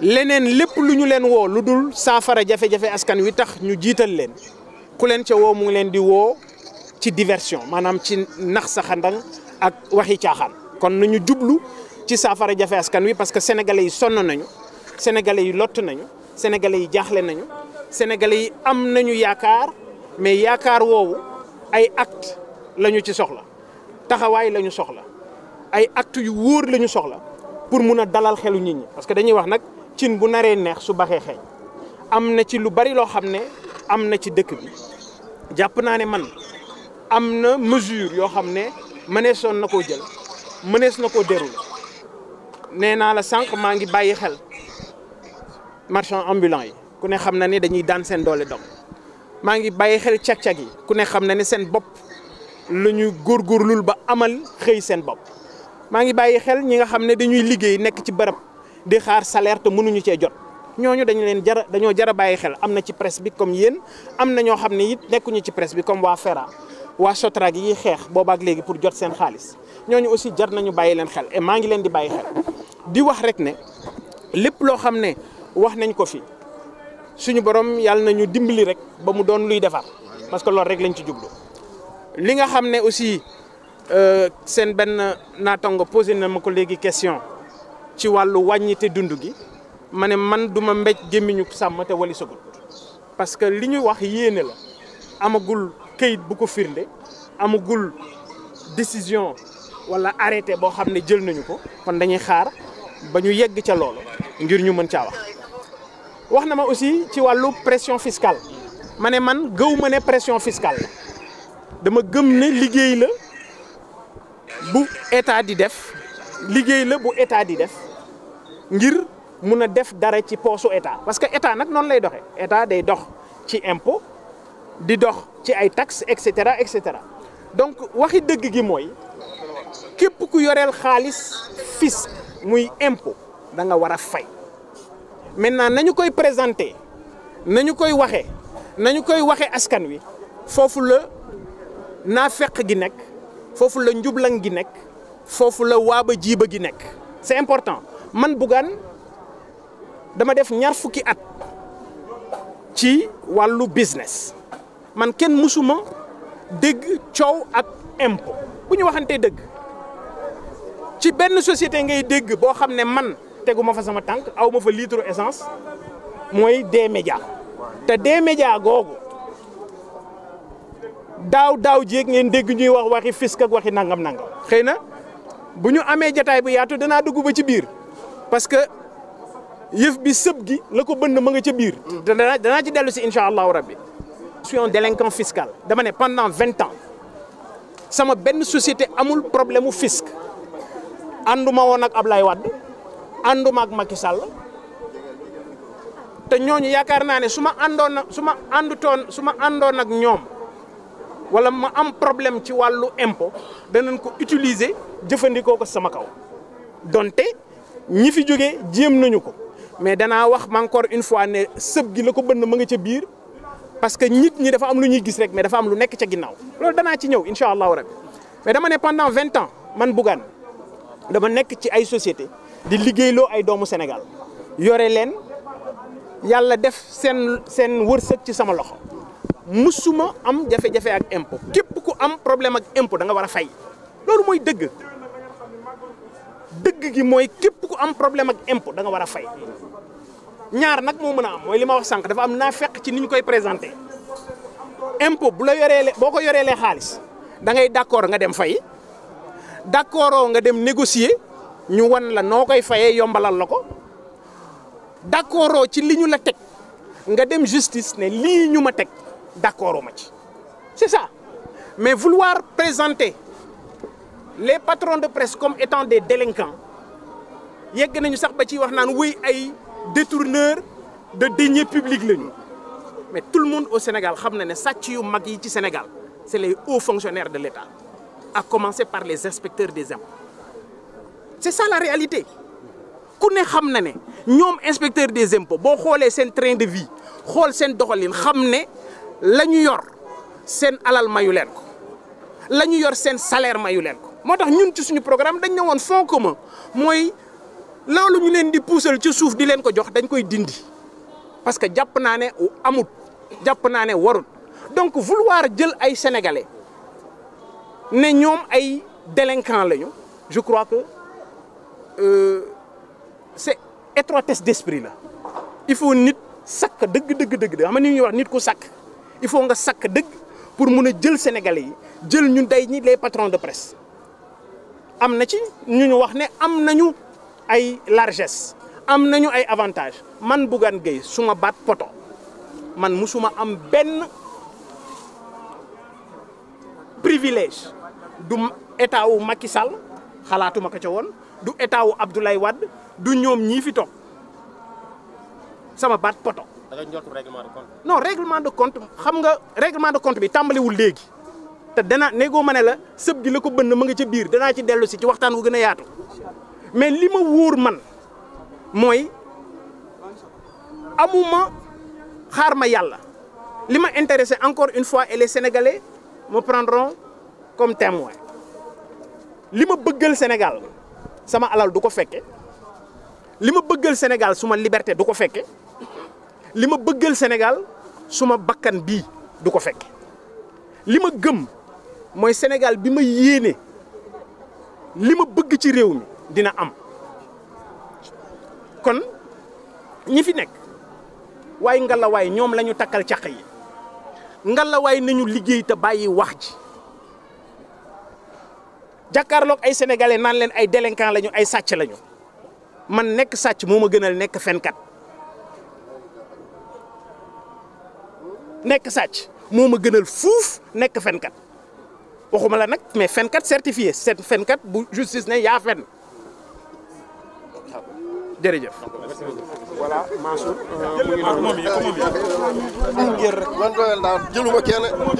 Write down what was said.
leneen lépp lu ñu leen woo lu dul saafara jafe-jafe askan wi tax ñu jiital leen ku leen ce woo mu ngi leen di woo ci diversion maanaam ci nax sa xandang ak waxi caaxaan kon ñu jublu ci saafara jafe askan wi parce que sénégalais yi sonna nañu sénégalais yi lott nañu sénégalais yi jaaxle nañu sénégalais yi am nañu yaakaar mais yaakaar woowu ay acte lañu ci soxla taxawaay lañu soxla ay acte yu wóor lañu soxla pour mun a dalal xelu nit ñi parce que dañuy wax nag cin bu naree neex su baxee xeeñ am na ci lu bari loo xam ne am na ci dëkk bi jàpp naa ne man am na mesure yoo xam ne soon na koo jël mënees na koo dërul nee naa la sànq maa ngi bàyyi xel marchand ambulant yi ku ne xam na ne dañuy daan seen doole dog maa ngi bàyyi xel cag-cag ku ne xam na ne seen bopp lu ñuy góor góorgóorlul ba amal xëy seen bopp maa ngi bàyyi xel ñi nga xam ne dañuy liggéey nekk ci bërëb di xaar salaire te mënuñu cee jot ñooñu dañu leen jara dañoo jara bàyyi xel am na ci presse bi comme yéen am na ñoo xam ne it nekkuñu ci presse bi comme waa FERA waa SOTRAC yi xeex boobaak léegi pour jot seen xaalis ñooñu aussi jar nañu bàyyi leen xel et maa ngi leen di wax rek ne lépp loo xam ne wax nañ ko fi suñu borom yàlla nañu dimbali rek ba mu doon luy defar parce que loolu rek lañ ci jublu li nga xam ne aussi Euh, seen benn naatango posé na ma ko léegi question ci wàllu wàññite dund gi ma man du ma mbéj gémmiñu sàmm te wali sagut parce que li ñu wax yéene la amagul këyit bu ko firnde amagul décision wala arrêté boo xam ne jël nañu ko kon dañuy xaar ba ñu yegg ca loolu ngir ñu mën caa wax wax na ma aussi ci wàllu pression fiscale ma ne man gëw ma ne pression fiscale la dama gëm ne liggéey la bu état di def liggéey la bu état di def ngir mun a def dara ci poosu état parce que état nag noonu lay doxee état day dox ci impôt di dox ci ay taxes et cetera et cetera donc waxi dëgg gi mooy képp ku yoreel xaalis fis muy impo da nga war a fay maintenant nañu koy présenter nañu koy waxee nañu koy waxee askan wi foofu la naa naafeq gi nekk. foofu la njubla gi nekk foofu la waaba jiiba gi nekk c'est important man Bougane dama def ñar fukki at ci wàllu business man kenn mësuma dégg coow ak impôt bu ñu waxantee dëgg ci benn société ngay dégg boo xam ne man teguma fa sama tànk aw fa litre essence mooy D-Média te D-Média googu daaw daaw jéeg ngeen dégg ñuy wax waxi fisc ak waxi nangam nangam xëy na bu ñu amee jataay bu yaatu danaa dugg ba ci biir parce que yëf bi sëb gi la ko bënn ma nga ci biir. danaa danaa ci dellu si incha allahu rabbi. je suis un délinquant fiscal dama ne pendant vingt ans sama benn société amul problème mu fisc ànduma woon nag Ablaye Wade ànduma ak Macky Sall te ñooñu yaakaar naa ne su ma àndoon su ma àndutoon su ma àndoon nag ñoom. wala ma am problème ci wàllu impôt danañ ko utiliser jëfandikoo ko sama kaw donte ñi fi jógee jéem nañu ko mais danaa wax ma encore une fois ne sëb gi la ko bënn ma nga ca biir parce que nit ñi dafa am lu ñuy gis rek mais dafa am lu nekk ci ginnaaw loolu danaa ci ñëw incha allahu rabbi mais dama ne pendant vingt man Bougane dama nekk ci ay société di liggéeyloo ay doomu Sénégal yore leen yàlla def seen seen wërsëg ci sama loxo. musuma am jafe-jafe ak impôt képp ku am problème ak impo da nga war a fay loolu mooy dëgg dëgg gi mooy képp ku am problème ak impôt da nga war a fay ñaar nag moo mën a am mooy li ma wax sànq dafa am naa fekk ci ni ñu koy présenté impo bu la yoree le boo ko yoree le xaalis dangay ngay d'accord nga dem fay d'accord nga dem négocier ñu wan la noo koy fayee yombalal la ko d'accord ci li ñu la teg nga dem justice ne lii ñu ma teg. d'accord ma ci c'est ça mais vouloir présenter les patrons de presse comme étant des délinquants yegg nañu sax ba ci wax naan wuy ay détourneurs de deniers publics lañu mais tout le monde au Sénégal xam na ne sàcc yu mag yi ci Sénégal c'est les hauts fonctionnaires de l'État à commencer par les inspecteurs des impôts c'est ça la réalité ku ne xam na ne ñoom inspecteur des impôts boo xoolee seen train de vie xool seen doxalin xam ne la ñu yor seen alal yu leen ko la ñu yor seen ma yu leen ko moo tax ñun ci suñu programme dañ ne woon fonds commun mooy loolu ñu leen di puusal ci suuf di leen ko jox dañ koy dindi parce que jàpp naa ne amut jàpp naa ne warut donc vouloir jël ay sénégalais ne ñoom ay délinquants lañu je crois que euh, c'est étroitesse d'esprit la il faut nit sakk dëgg dëgg dëgg xam nga ñuy wax nit ku sakk. il faut nga sakk dëgg pour mun a jël Sénégalais yi jël ñu day ñi les patrons de presse am na ci ñu ñu wax ne am nañu ay largesse am nañu ay avantages man Bougane Gueye suma baat poto man musuma am benn privilège du état wu Macky Sall xalaatuma ko ca woon du état wu Abdoulaye Wade du ñoom ñii fi toog sama baat poto da nga njortu règlement de compte. non règlement xam nga règlement de compte bi tàmbaliwul léegi te dana néegoo ma ne la sëb gi la ko bënn ma nga ca biir danaa ci dellu si ci waxtaan wu gën a yaatu mais li ma wóor man mooy amuma xaar ma yàlla li ma intéressé encore une fois et les sénégalais me prendront comme témoin li ma bëggal Sénégal sama alal du ko fekke li ma bëggal Sénégal suma liberte du ko fekke li ma bëggal Sénégal suma bakkan bii du ko fekk li ma gëm mooy Sénégal bi ma yéene li ma bëgg ci réew mi dina am kon ñi fi nekk waaye ngalawaay ñoom lañu takkal caq yi ngalawaay nañu liggéey te bàyyi wax ji jàkkaarloog ay sénégalais naan leen ay délinquant lañu ay sàcc lañu man nekk sàcc moom ma gënal nekk fenkat nekk sàcc moo ma gënal fuuf nekk fenkat waxuma la nag mais fenkat certifié seen fenkat bu justice ne yaa fen jërëjëf. voilà Mansour. Euh, mu ngi ah, rek man doyal daal jëluma kenn.